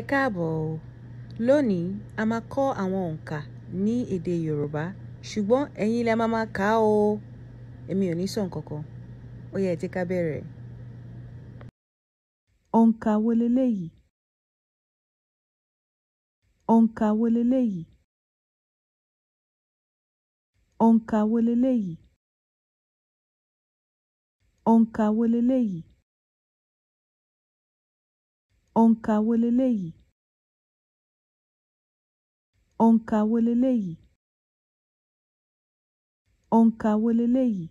Ẹ káàbọ̀ o. Lónìí, a máa kọ́ àwọn òǹkà ní èdè Yorùbá ṣùgbọ́n ẹ̀yin lẹ máa máa kà á o. Èmi ò ní sọ nǹkan kan. Ó yá, ẹ jẹ́ ká bẹ̀rẹ̀. Òǹkà wo leléyìí? Òǹkà wo leléyìí? Òǹkà wo leléyìí? Òǹkà wo leléyìí? òǹkà wo leléyìí òǹkà wo leléyìí òǹkà wo leléyìí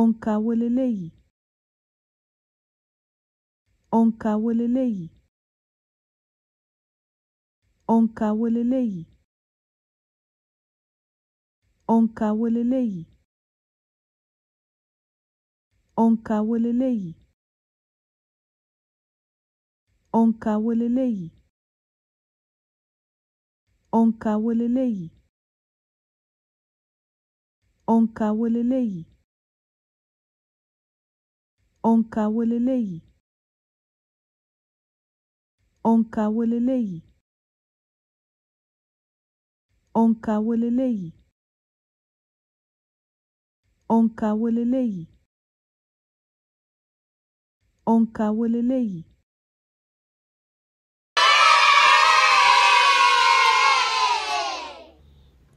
òǹkà wo leléyìí òǹkà wo leléyìí òǹkà wo òǹkà wo òǹkà wo ònkà wo leléyìí ònkà wo leléyìí ònkà wo leléyìí ònkà wo leléyìí ònkà wo leléyìí ònkà wo leléyìí ònkà wo leléyìí ònkà wo leléyìí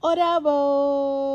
Oramos.